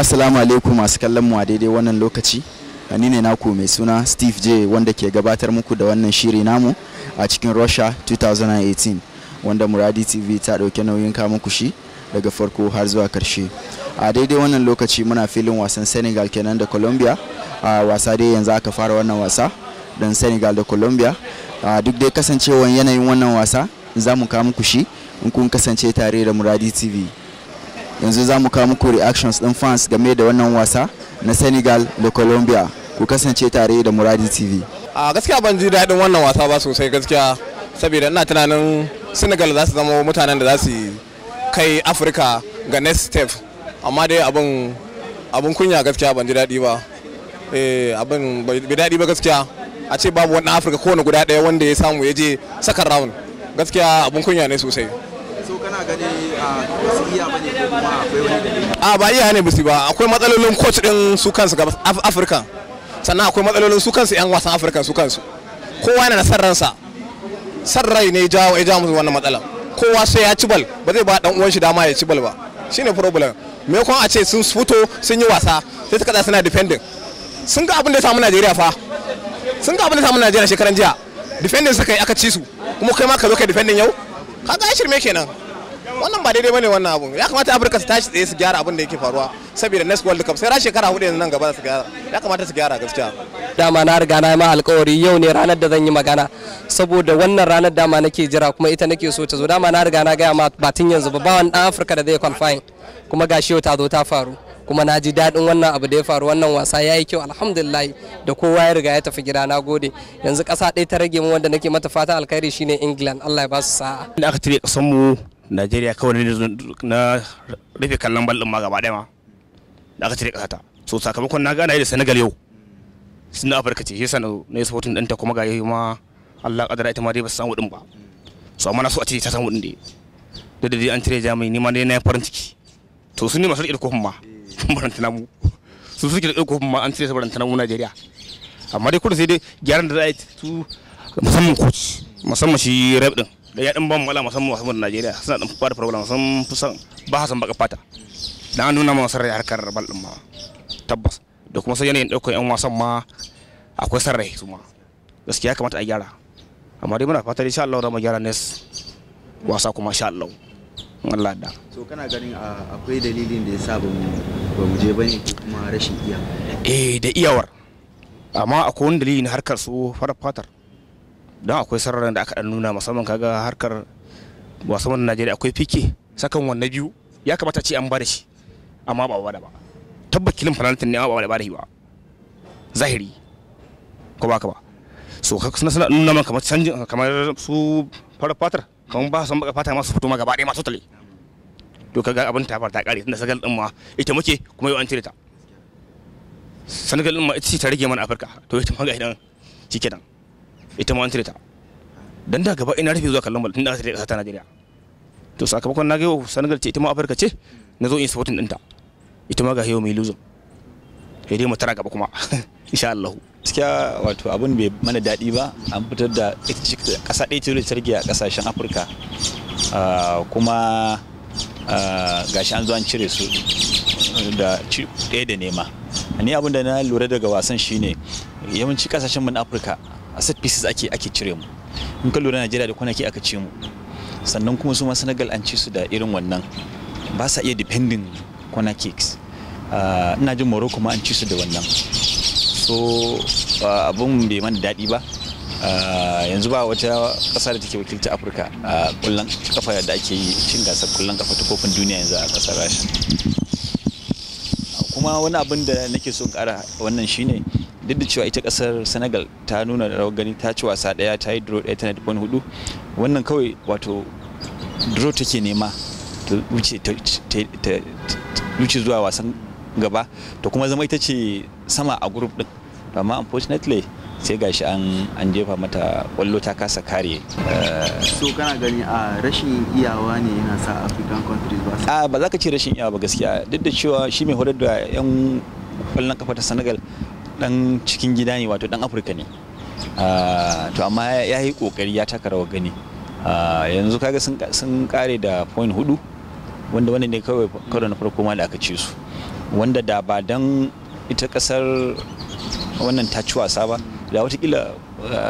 Assalamu alaikum masu kallon mu a daidai wannan lokaci. Ni ne naku mai suna Steve J wanda ke gabatar muku da wannan shiri namu a cikin Russia 2018 wanda Muradi TV ta ɗauke nauyin kama muku shi daga farko har zuwa karshe. A daidai wannan lokaci muna filin wasan Senegal kenan da Colombia. A wasa dai yanzu aka fara wannan wasa don Senegal da Colombia. A duk dai kasancewan yanayin wannan wasa za mu kama muku shi in kun kasance tare da Muradi TV. yanzu za mu kawo muku reactions ɗin fans game da wannan wasa na senegal da colombia ku kasance tare da muradi tv a gaskiya ban ji daɗin wannan wasa ba sosai gaskiya saboda ina tunanin senegal za su zama mutanen da za su kai afirka ga next step amma dai abin abin kunya gaskiya ban ji daɗi ba eh, abin bai daɗi ba gaskiya a ce babu wani afirka kowane guda ɗaya wanda ya samu ya je second round gaskiya abin kunya ne sosai so kana gani ah, ba su iya bane ko kuma akwai wani dalili a ah, ba iya ne musu ba akwai matsalolin coach din su kansu ga Afirka sannan akwai matsalolin su kansu yan wasan Afirka su kansu kowa yana da san ransa san rai ne jawo ya jawo musu wannan matsala kowa sai ya ci bal ba zai ba dan uwan shi dama ya ci bal ba shine problem me kun a ce sun fito sun yi wasa sai ta kada suna defending sun ga abin da ya samu Najeriya fa sun ga abin da ya samu Najeriya shekaran jiya defending suka yi aka ci su kuma kai ma ka zo kai defending yau kaga ya shirme kenan wannan ba daidai bane wannan abun ya kamata afirka su tashi tsaye su gyara abin da yake faruwa saboda next world cup sai ra shekara hudu yanzu nan gaba su gyara ya kamata su gyara gaskiya dama na riga na ma alkawari yau ne ranar da zan yi magana saboda wannan ranar dama nake jira kuma ita nake so ta zo dama na riga na gaya ma batun yanzu ba ba wani dan afirka da zai qualify kuma gashi yau ta zo ta faru kuma na ji daɗin wannan abu da ya faru wannan wasa ya yi kyau alhamdulillah da kowa ya riga ya tafi gida na gode yanzu ƙasa ɗaya ta rage min wanda nake mata fata alkhairi shine england allah ya ba su sa'a da aka tire ƙasar mu najeriya kawai na rufe kallon ballin ma gaba ɗaya ma da aka tire ƙasata so sakamakon na gana da senegal yau sun afirka ce yasa na yi sporting ɗanta kuma ga yi ma allah ƙadara ita ma dai ba su samu ɗin ba so amma na so a ce ta samu ɗin dai da dai an tire jami'i ni ma dai na farin ciki to sun ne masu riƙe kofin ma barantana mu su suke da tsokofin ma an cire su barantana mu Najeriya amma dai kudu sai dai gyaran da za a yi tu musamman coach musamman shi rep din da ya dan ban mala musamman wasan Najeriya suna dan fara problem sun fusan ba hasan baka fata dan an nuna ma rai harkar bal din ma tabbas da kuma sai yanayin ɗaukar yan wasan ma akwai san rai su ma gaskiya kamata a gyara amma dai muna fatan insha Allah za mu gyara nes wasa kuma insha Allah Allah da so kana ganin ah, akwai dalilin da ya sa ba mu je bane ko kuma rashin iya eh da iyawar amma akwai wani dalili na harkar su farar fatar don akwai sararin da aka dan nuna musamman kaga harkar wasan Najeriya akwai fike sakan wannan biyu ya kamata ce an ba da shi amma ba ba da ba tabbat kilin fanaltin ne amma ba ba da shi ba zahiri ko ba ka ba so suna nuna man kamar canjin kamar su farar fatar kan ba su baka fata masu fito ma gaba ɗaya masu tale to kaga abin ta fara ta kare tunda sagal din ma ita muke kuma yau an cire ta sanagal din ma ita ce ta rage mana afirka to ita ma ga idan nan, ita ma an cire ta dan da gaba ina rufe zuwa kallon bal tunda aka cire ƙasa ta najeriya to sakamakon na ga yau sanagal ce ita ma afirka ce na zo in supporting ɗinta ita ma ga yau mai luzum sai dai mu tara gaba kuma insha Allah gaskiya wato abun bai mana daɗi ba an fitar da ƙasa ɗaya tilo tarki a ƙasashen afirka ah, kuma ah, gashi an zo an cire su da ɗaya da nema ni abin da na lura daga wasan shine yawanci ƙasashen mu na afirka a set pieces ake ake cire mu in ka lura najeriya da kwanaki aka ce mu sannan kuma su ma senegal an ci su da irin wannan ba sa iya depending corner kicks ah, ina jin morocco ma an ci su da wannan so abun bai mana daɗi ba ah, yanzu ba wata ƙasa da take wakilta afirka a kullum kafa da ake yi cin gasar kullum kafa ta kofin duniya yanzu a ƙasar rasha kuma wani abin da nake so ƙara wannan shine duk da cewa ita ƙasar senegal ta nuna rawar gani ta ci wasa ɗaya ta yi draw ɗaya tana da hudu wannan kawai wato draw take nema ta wuce zuwa wasan gaba ta kuma zama ita ce sama a group ɗin amma unfortunately sai gashi an jefa mata kwallo ta kasa kare eh. so kana gani a rashin iyawa ne yana sa african countries ba a ba za ka ce rashin iyawa ba gaskiya duk da cewa shi mai horar da yan kwallon kafa ta senegal dan cikin gida ne wato dan afirka ne to amma ya yi kokari ya taka rawar gani yanzu kaga sun kare da point hudu wanda wani ne kawai karo na farko ma da aka ce su wanda da ba dan ita kasar wannan ta ci wasa ba da watakila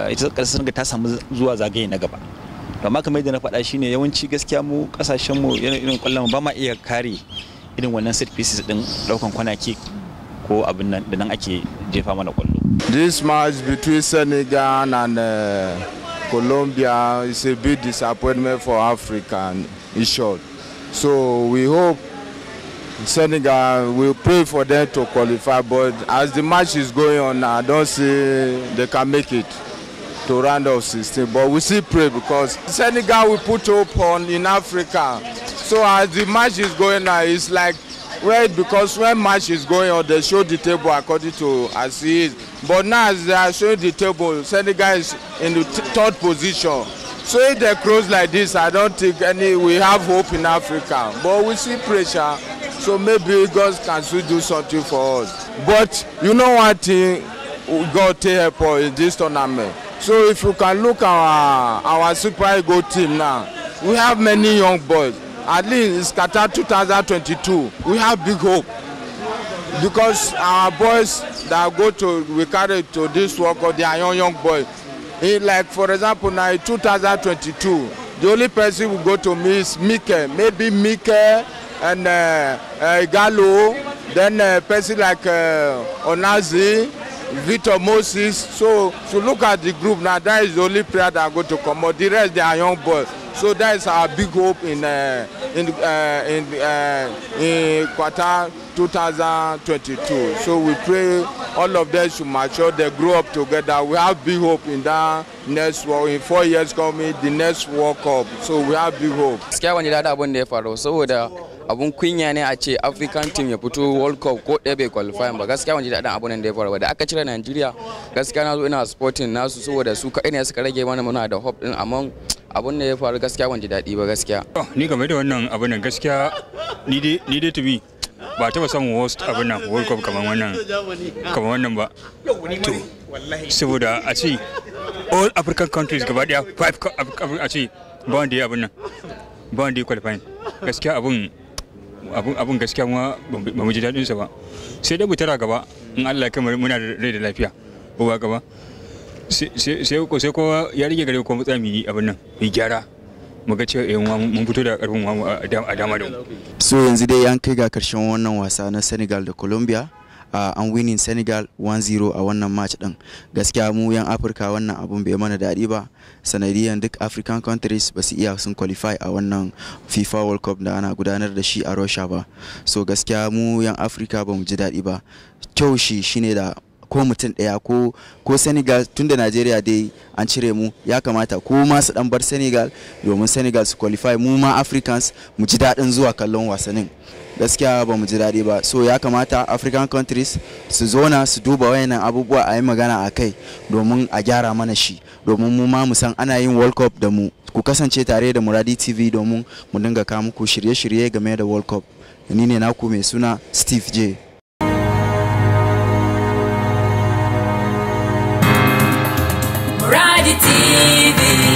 eh, ita ƙasar ga ta samu zuwa zagaye na gaba amma kamar yadda na faɗa shine yawanci gaskiya mu kasashen mu irin kwallon ba ma iya kare irin wannan set pieces din daukan kwanaki ko abin nan da nan ake jefa mana kwallo this match between senegal and eh, colombia is a big disappointment for africa in short so we hope Senegal, we pray for them to qualify, but as the match is going on, I don't see they can make it to round of 16. But we still pray because Senegal we put hope on in Africa. So as the match is going on, it's like well because when match is going on, they show the table according to as it is. But now as they are showing the table, Senegal is in the third position. So if they close like this, I don't think any we have hope in Africa. But we see pressure. So maybe God can still do something for us. But you know one thing God take help us in this tournament. So if you can look our our Super Eagle team now, we have many young boys. At least Qatar 2022, we have big hope because our boys that go to we carry to this World Cup, they are young young boys. In like for example now in 2022, the only person who go to me is Mike. Maybe Mike and uh, uh, Gallo, then uh, person like Onazi, Victor Moses. So to look at the group now, that is the only player that are going to come out. The rest they are young boys. So that is our big hope in uh, in uh, in, uh, in quarter 2022. So we pray all of them should mature, they grow up together. We have big hope in that next world in four years coming, the next World Cup. So we have big hope. abun kunya ne a ce african team ya fito world cup ko ɗaya bai qualify ba gaskiya ban ji daɗin abun nan da ya faru ba da aka cire nigeria gaskiya na zo ina sporting nasu saboda su kaɗai ne suka rage mana muna da hope din amma abun da ya faru gaskiya ban ji daɗi ba gaskiya ni game da wannan abun nan gaskiya ni dai to be ba taba son worst abin nan world cup kamar wannan kamar wannan ba to saboda a ce all african countries gaba daya five a ce ba wanda ya abin nan ba wanda ya qualify gaskiya abun. abun gaskiya kuma ba mu ji daɗin sa ba sai dai mu tara gaba in Allah ya kamar muna rai da lafiya ko ba gaba sai ko sai ko ya rige gare ko mu mu yi abin nan mu gyara mu ga cewa yan eh, mun fito da karfin mu a dama da mu so yanzu dai an kai ga karshen wannan wasa na Senegal da Colombia Ah, an winin Senegal 1-0 a wannan match din. Gaskiya mu yan Afirka wannan abun bai mana daɗi ba. Sanadiyan duk African countries ba su iya sun qualify a wannan FIFA World Cup da ana gudanar da shi a Russia ba. So gaskiya mu yan Afirka ba mu ji daɗi ba. Kyau shi shine da ko mutum ɗaya ko ko senegal tun da najeriya dai an cire mu ya kamata ko ma su dan bar senegal domin senegal su qualify mu ma africans mu ji daɗin zuwa kallon wasannin gaskiya ba mu ji daɗi ba so ya kamata african countries su zona su duba wayannan abubuwa a yi magana a kai domin a gyara mana shi domin mu ma mu san ana yin world cup da mu ku kasance tare da muradi tv domin mu dinga kawo muku shirye-shirye game da world cup ni ne naku mai suna steve j Muradi TV